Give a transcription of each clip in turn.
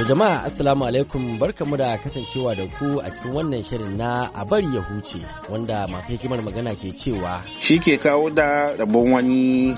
Da jama'a Assalamu alaikum barkamu da kasancewa da ku a cikin wannan shirin na a bari ya huce wanda masu hikimar magana ke cewa shi ke kawo da rabon wani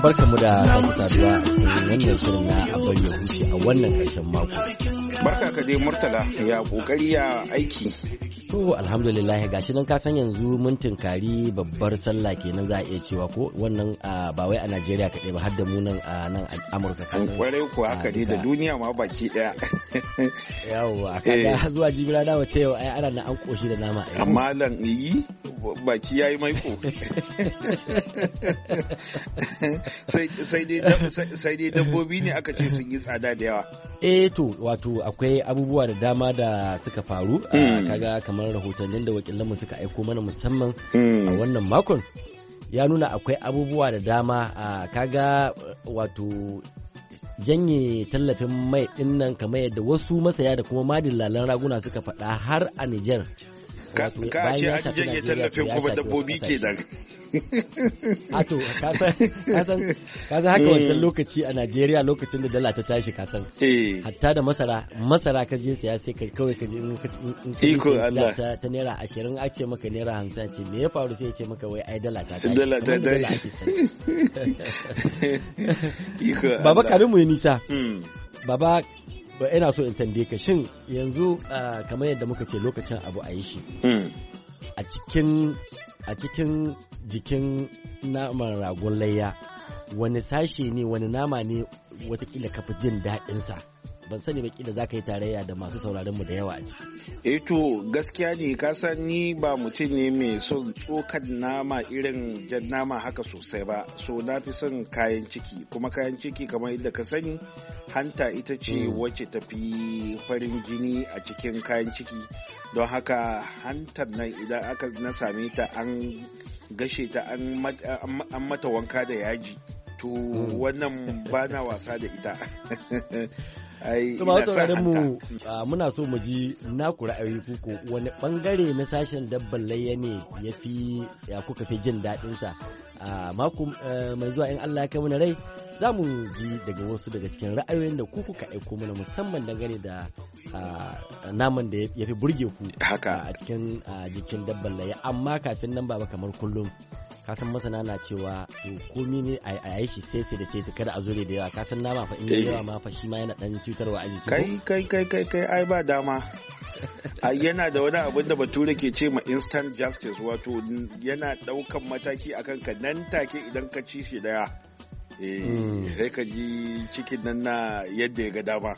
barka mu da sake saduwa a cikin wannan shirin na abin ya huce a wannan karshen mako. Barka ka dai Murtala ya kokari ya aiki. To alhamdulillah gashi nan san yanzu mun tunkari babbar sallah kenan za a iya cewa ko wannan ba wai a Najeriya kaɗai ba har da mu nan a nan Amurka. Kwarai ko haka dai da duniya ma baki ɗaya. yawwa eh. kaga zuwa jibira na wata yau ai ana na an koshi da nama amma lan yi baki yayi maiko sai dai dabbobi ne aka ce sun yi tsada da yawa eh to wato akwai abubuwa da dama da suka faru A ah, hmm. kaga kamar rahotannin da mu suka aiko mana musamman a hmm. wannan makon ya nuna akwai abubuwa da dama a kaga wato janye tallafin mai dinnan kamar yadda wasu masaya da kuma madillalan raguna suka faɗa har a Nijar. Ka ce an janye tallafin kuma dabbobi ke da. Ato, san haka wancan mm. lokaci a Najeriya lokacin da dala ta tashi san. Eh. Hatta da masara, masara ka je siya sai kawai ka je in ka ta naira ashirin a ce maka naira hamsin ce me ya faru sai ya ce maka wai ai dala ta tashi. Dala ta tashi. Baba karin mu nisa. Hmm. Baba ina so in tambaye ka shin yanzu ah, kamar yadda muka ce lokacin abu a yi shi. Hmm. A cikin a cikin jikin naman ragon layya wani sashe ne wani nama ne watakila ka fi jin daɗinsa ban sani baki da zaka yi tarayya da masu sauraron mu da yawa a ciki. Eh to gaskiya ne ka san ni ba mutum ne mai son tsokan nama irin jan nama haka sosai ba so na fi son kayan ciki kuma kayan ciki kamar yadda ka sani hanta ita ce mm. wacce tafi farin jini a cikin kayan ciki don haka hantar nan idan aka na same ta an gashe ta an mata wanka da yaji to hmm. wannan ba na wasa da ita ai mu muna so mu ji naku ra'ayi ko wani bangare na sashen dabban layya ne ya fi ya kuka fi jin daɗinsa a mako eh, mai zuwa in Allah ya kai mana rai za mu ji daga wasu daga cikin ra'ayoyin da ku kuka aiko mana musamman dangane da naman da ya fi burge ku a cikin jikin dabbar laye amma kafin nan baba kamar kullum kasan masana na cewa to komi ne a yi shi sai sai da sai kada a zure da yawa kasan nama fa in eh. yawa ma fa shi ma yana dan cutarwa a jiki kai kai kai kai kai ai ba dama ai yana da wani abin da bature ke ce ma instant justice wato yana daukan mataki akan ka nan take idan ka ci shi daya eh, hmm. sai ka ji cikin nan na yadda ya ga dama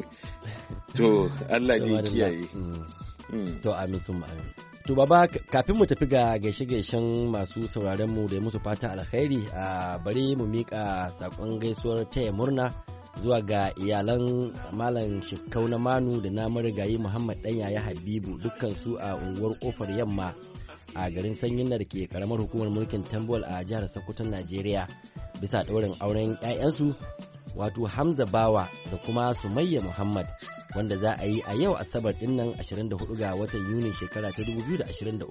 to Allah ne kiyaye hmm. Hmm. to amin amin to baba kafin mu tafi ga gaishe-gaishen masu sauraren mu da musu fata alkhairi a bari mu mika sakon gaisuwar taya murna zuwa ga iyalan malam shekau na manu da na marigayi muhammad ɗan yaya habibu dukkan su a unguwar kofar yamma a garin sanyin da ke karamar hukumar mulkin tambol a jihar sokoton najeriya bisa ɗaurin auren 'ya'yansu wato hamza bawa da kuma sumayya muhammad wanda za a yi a yau asabar dinnan 24 ga watan yuni shekara ta 2023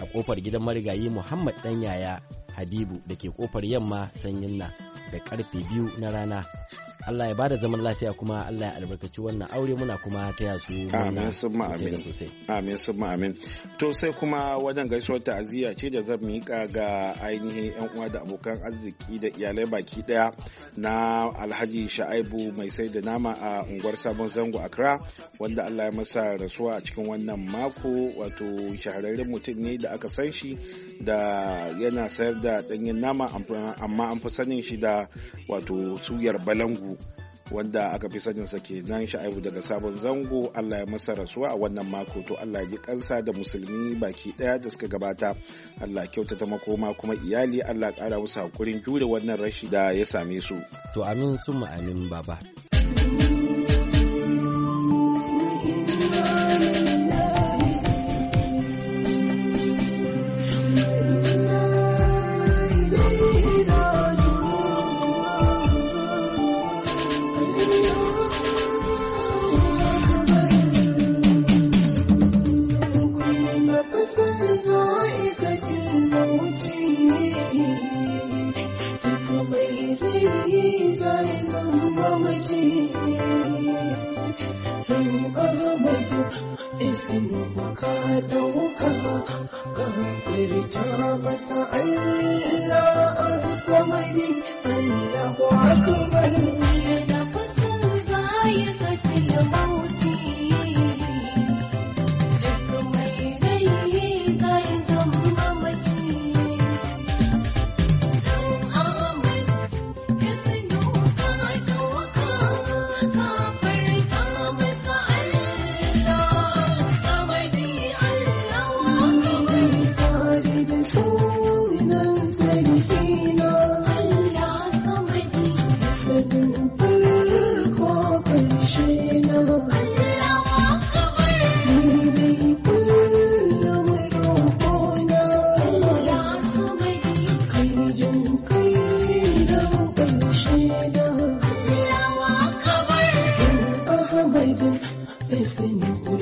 a kofar gidan marigayi muhammad dan yaya habibu da ke kofar yamma sanyin na da karfe biyu na rana Allah ya bada zaman lafiya kuma Allah ya albarkaci wannan aure muna kuma ta yasu amin summa amin amin summa amin to sai kuma wajen gaisuwar ta'aziyya ce da zan mika ga ainihin yan uwa da abokan arziki da iyalai baki daya na Alhaji Sha'aibu mai sai da nama a unguwar Sabon Zango Accra wanda Allah ya masa rasuwa a cikin wannan mako wato shahararren mutum ne da aka san shi da yana sayar da danyen nama amma an fi sanin shi da wato suyar balangu wanda aka fi sanin sa kenan sha'ibu daga sabon zango allah ya masa rasuwa a wannan mako to allah ya kansa da musulmi baki daya da suka gabata allah kyautata makoma kuma iyali allah kara musu hakurin jure wannan rashi da ya same su to amin sun amin baba zan mamaci Dangara mai isin ka dauka kan firta masa Allah an samari Allahu akbar Thank you.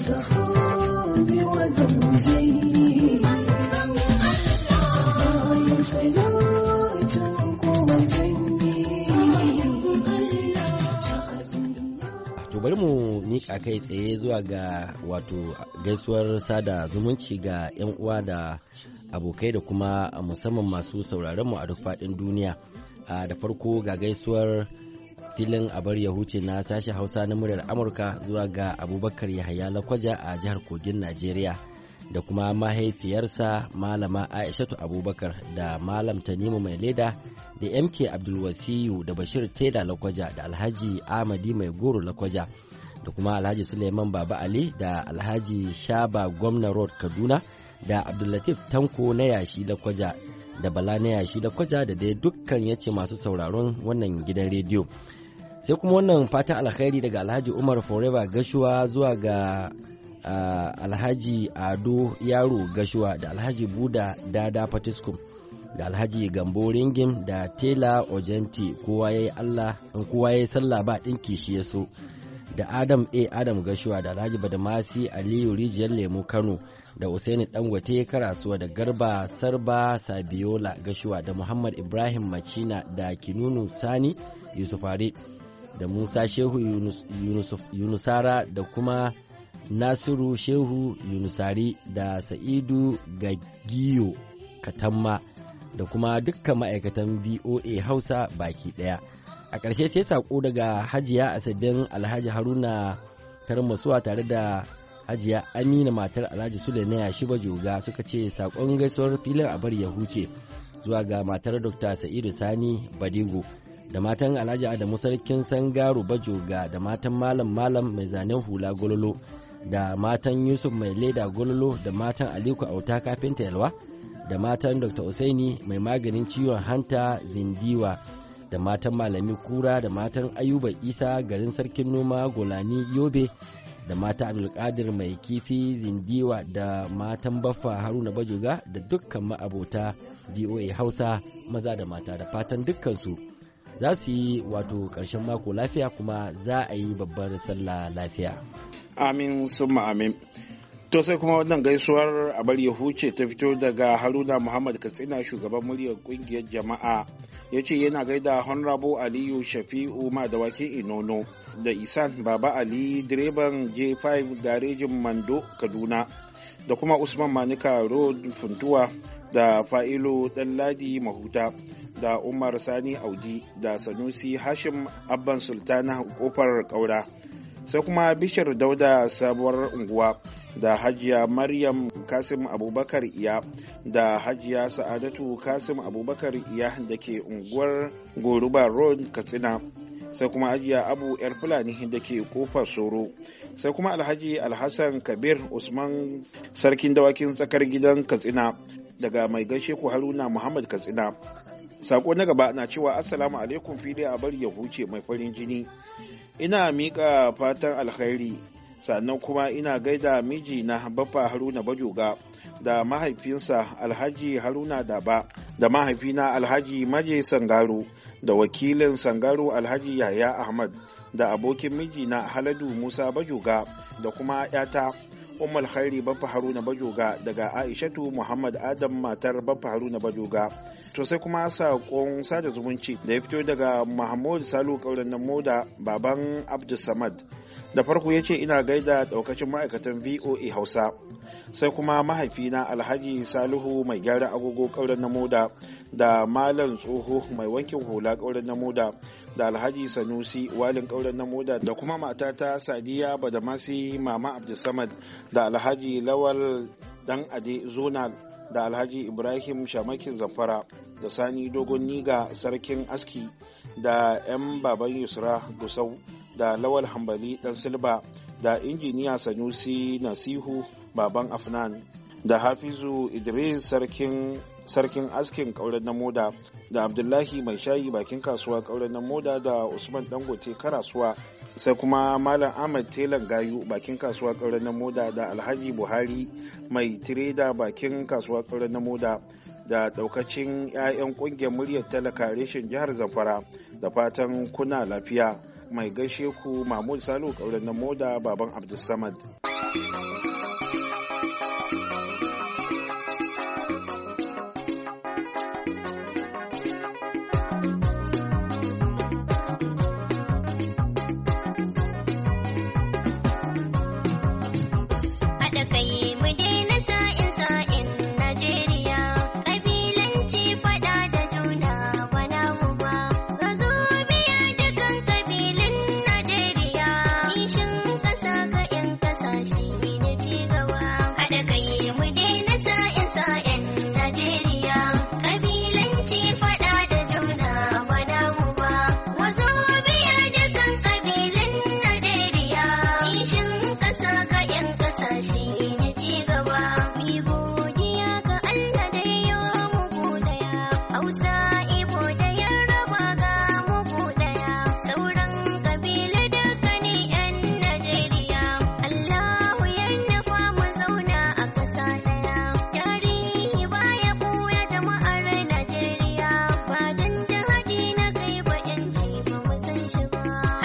bari mu miƙa kai tsaye zuwa ga wato gaisuwar sada zumunci ga 'yan uwa da abokai da kuma musamman masu sauraron mu a duk faɗin duniya. Ah, da farko ga gaisuwar filin abar ya huce na sashi hausa na muryar amurka zuwa ga abubakar yahaya lakwaja a jihar kogin najeriya da kuma mahaifiyarsa malama aishatu abubakar da malam tanimu mai leda da mk abdulwasiyu da bashir teda lakwaja da alhaji amadi mai goro lakwaja da kuma alhaji suleiman baba ali da alhaji shaba gwamna road kaduna da abdullatif tanko na yashi lakwaja da bala na yashi lakwaja da dai dukkan yace masu sauraron wannan gidan rediyo. sai kuma wannan fatan alkhairi daga alhaji umar forever gashuwa zuwa ga alhaji ado yaro gashuwa da alhaji buda dada patiskum da alhaji gambo ringim da tela ojenti kowa ya yi allah in kowa ya yi sallah ba ɗinki shi ya so da adam a adam gashuwa da alhaji badamasi aliyu rijiyar lemu kano da usaini dangote karasuwa da garba sarba sabiola gashuwa da muhammad ibrahim macina da kinunu sani yusufare da musa shehu yunusara da kuma nasiru shehu yunusari da sa'idu gagiyo katamma da kuma dukkan ma'aikatan voa hausa baki ɗaya a ƙarshe sai saƙo daga hajiya asabin alhaji haruna tarmasuwa tare da hajiya amina matar alhaji sule na yashi suka ce saƙon gaisuwar filin a bar ya huce zuwa ga matar dr sa'idu sani badigo da matan Alhaji Adamu Sarkin Sangaru Bajoga da matan Malam Malam mai zanen hula gololo da matan Yusuf mai leda gololo da matan Aliko Auta kafinta yalwa da matan Dr. Usaini mai maganin ciwon hanta zindiwa da matan Malami Kura da matan Ayuba Isa garin Sarkin Noma Golani Yobe da mata Abdulkadir mai kifi zindiwa da matan baffa Haruna Bajoga da dukkan ma'abota VOA Hausa maza da mata da fatan dukkansu za su yi wato ƙarshen mako lafiya kuma za a yi babbar sallah lafiya amin summa amin to sai kuma wannan gaisuwar a bari ya huce ta fito daga haruna muhammad katsina shugaban muryar kungiyar jama'a ya ce yana gaida honrabo aliyu shafi'u wake inono da isan baba ali direban j5 garejin mando kaduna da kuma usman manika road funtuwa da fa'ilu ɗanladi mahuta da Umar Sani Audi da Sanusi Hashim Abban Sultana kofar ƙaura. Sai kuma Bishir Dauda sabuwar unguwa da Hajiya Maryam Kasim Abubakar Iya da Hajiya Sa'adatu Kasim Abubakar Iya da ke unguwar Goruba Road Katsina. sai kuma hajiya abu yar fulani da ke kofar soro sai kuma alhaji alhassan kabir usman sarkin dawakin tsakar gidan katsina daga mai gaishe ku haruna muhammad katsina sako na gaba na cewa assalamu alaikum fili a bari ya huce mai farin jini ina miƙa fatan alkhairi sannan kuma ina gaida miji na baffa haruna bajoga da mahaifinsa alhaji haruna daba da mahaifina alhaji maje sangaro da wakilin sangaro alhaji yaya ahmad da abokin miji na haladu musa bajoga da kuma yata umar khairi baffa haruna bajoga daga aishatu muhammad adam matar baffa haruna bajoga to sai kuma saƙon sada zumunci da ya fito daga mahmud salu ƙauren na moda baban abdulsamad da farko ya ce ina gaida daukacin ma'aikatan voa hausa sai kuma mahaifina alhaji salihu mai gyara agogo kauren na moda da malam tsoho mai wankin hula kauran na moda da alhaji sanusi walin kauren na moda da kuma matata sadiya badamasi mama abdulsamad da alhaji lawal dan ade zonal da alhaji ibrahim shamakin zamfara da sani dogon niga sarkin aski da 'yan baban yusra gusau da lawal hambali dan silba da injiniya sanusi nasihu baban afnan da hafizu idris sarkin sarkin askin kauren na moda da abdullahi mai shayi bakin kasuwa kauren na moda da usman dangote karasuwa sai kuma malam ahmad telan gayu bakin kasuwa kauren na moda da alhaji buhari mai tireda bakin kasuwa kauren na moda da daukacin 'ya'yan kungiyar muryar talaka reshen jihar zamfara da fatan kuna lafiya mai gaishe ku mahmud salo kauren na moda baban abdulsamad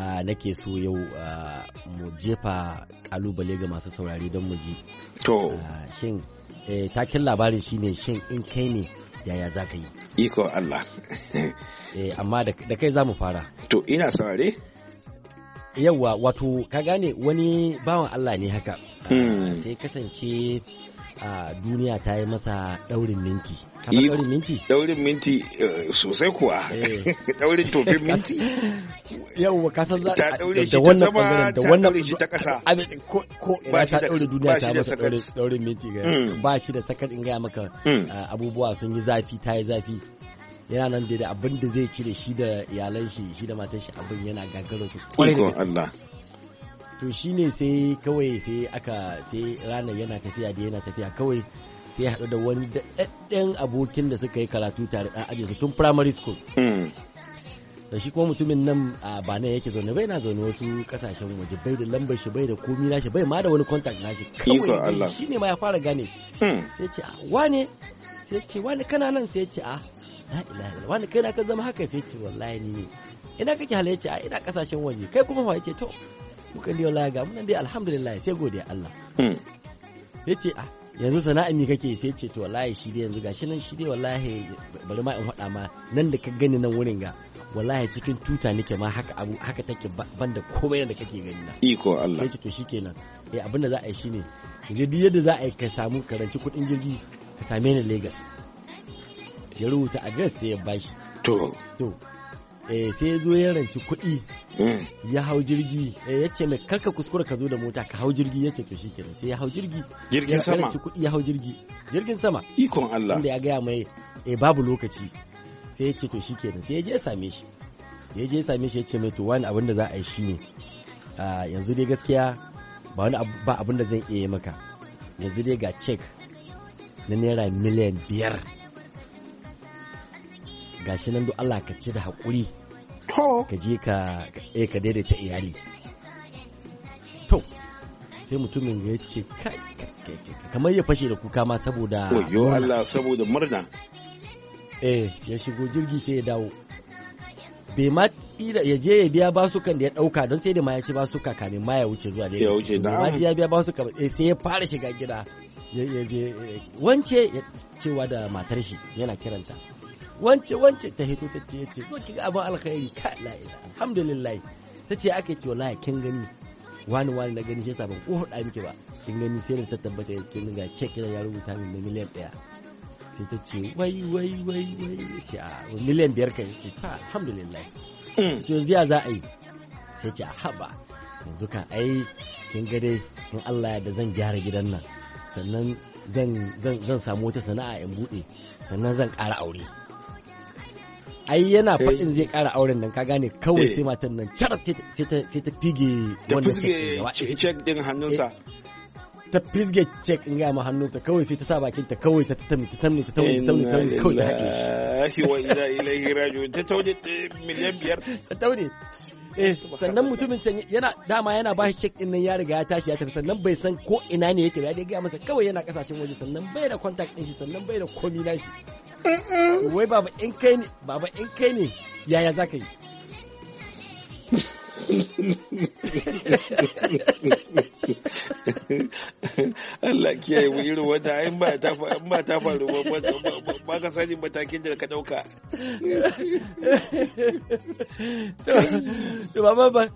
nake so yau mu jefa kalubale ga masu saurari don mu ji. To. Shin eh, takin labarin shine shin in kai ne yaya za ka yi? Iko Allah. Eh, amma da kai za mu fara. To ina saurare? Yauwa wato ka gane wani bawan Allah ne haka. Hmm. Sai kasance a duniya ta yi masa daurin minti daurin minti daurin minti eh, sosai kuwa eh. daurin tofin minti yawwa ka san ta daure shi ta sama ta daure shi ta kasa ko ina ta daure duniya ta masa daurin minti hmm. ba shi da sakat in gaya maka hmm. eh, abubuwa sun yi zafi ta yi zafi yana nan da abin da zai ci da shi da iyalan shi shi da matan shi abin yana gagarar su kwarai da Allah to shi ne sai kawai sai aka sai ranar yana tafiya da yana tafiya kawai sai ya haɗu da wani daɗaɗɗen abokin da suka yi karatu tare ɗan aji su tun primary school hmm. da shi kuma mutumin nan a banan yake zaune bai na zaune wasu kasashen waje bai da lambar shi bai da komi na shi bai ma da wani contact nashi kawai shi ne ma ya fara gane hmm. sai ce ah, wane sai ce wane kana nan sai ce a ah, la ilaha illallah wani kai na ka zama haka sai ce wallahi ni ina kake halayyaci a ah, ina kasashen waje kai kuma fa yace to muka liyo ga munan dai alhamdulillah sai godiya Allah hmm. ce a ah, yanzu sana'a mi kake sai ce to wallahi shi dai yanzu gashi nan shi dai wallahi bari ma in faɗa ma nan da ka gani nan wurin ga wallahi cikin tuta nake ma haka abu haka take banda komai da kake gani na iko Allah sai ce to shikenan eh abin da za a yi shine jirgi yadda za a yi ka samu karanci kudin jirgi ka same ni Lagos ya rubuta address sai ya bashi to to eh sai ya zo ya ranci kuɗi hmm. ya hau jirgi eh ya ce mai karka kuskura ka zo da mota ka hau jirgi ya ce to shi kenan sai ya hau jirgi jirgin sama ya ranci kuɗi ya hau jirgi jirgin sama ikon Allah inda ya gaya mai eh babu lokaci sai ya ce to shi kenan sai ya je ya same shi ya je ya same shi ya ce mai to wani abin da za a yi shi ne ah, yanzu dai gaskiya ba wani ba abin da zan iya maka yanzu dai ga cek na naira miliyan biyar gashi nan duk Allah ka ci da haƙuri ka je ka eh ka daidaita iyali to sai mutumin ya ce kamar ya fashe da kuka ma saboda yo Allah saboda murna eh ya shigo jirgi sai ya dawo bai ma tsira ya je ya biya basukan da ya dauka don sai da ma ya ci basuka kamin ma ya wuce zuwa da ya wuce da ma ya biya basuka eh, sai ya fara shiga gida ya je eh, wance cewa da matar shi yana kiranta wance wance ta hito ta ce ce zo ki ga abin alkhairi ka la ila alhamdulillah ta ce aka ce wallahi kin gani wani wani na gani shi yasa ban ko da miki ba kin gani sai ta tabbata kin ga check ya rubuta min na miliyan daya sai ta ce wai wai wai wai ce a ah, miliyan biyar kai ce ta alhamdulillah ce ziya za a yi sai ce a ah, haba yanzu ka ai kin ga dai in Allah ya da zan gyara gidan nan sannan zan samu wata sana'a in bude sannan zan ƙara aure ai yana faɗin zai ƙara auren nan ka gane kawai eh. sai matan nan carat sai ta fige wannan cek din hannunsa eh, ta fizge cek in gama hannunsa kawai sai ta sa bakin ta kawai ta tattami ta tattami ta tattami ta tattami kawai ta haƙe shi wa ila ilaihi raji'un ta tauje miliyan biyar ta Eh, sannan mutumin can yana dama yana ba shi cek din nan ya riga ya tashi ya tafi sannan bai san ko ina ne yake ba ya ga masa kawai yana kasashen waje sannan bai da contact din shi sannan bai da komi na shi wai baba in kai ne baba in kai ne yaya za ka yi Allah kiyaye mu irin wata ayin ba ta ba ta faru ba ka sani matakin da ka dauka. To baba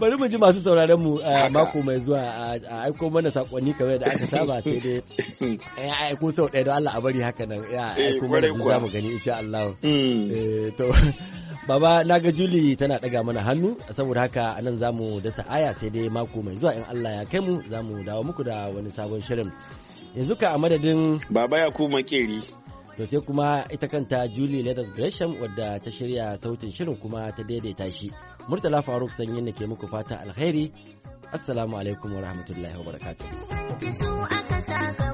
bari mu ji masu sauraron mu eh, mako mai zuwa a aiko mana sakonni kamar da aka saba sai dai ya aiko sau ɗaya don Allah a bari haka nan ya eh, aiko mana za mu gani insha Allah hmm. eh, to baba na ga Juli tana ɗaga mana hannu saboda haka anan za mu dasa aya sai dai mako mai zuwa in Allah ya kai mu za mu dawo muku da wani sabon shirin yanzu ka a madadin baba ya kuma makeri to sai kuma ita kanta julie leathers gresham wadda ta shirya sautin shirin kuma ta daidaita shi murtala faruk sanyin da ke muku fata alkhairi assalamu alaikum wa rahmatullahi wa barakatuh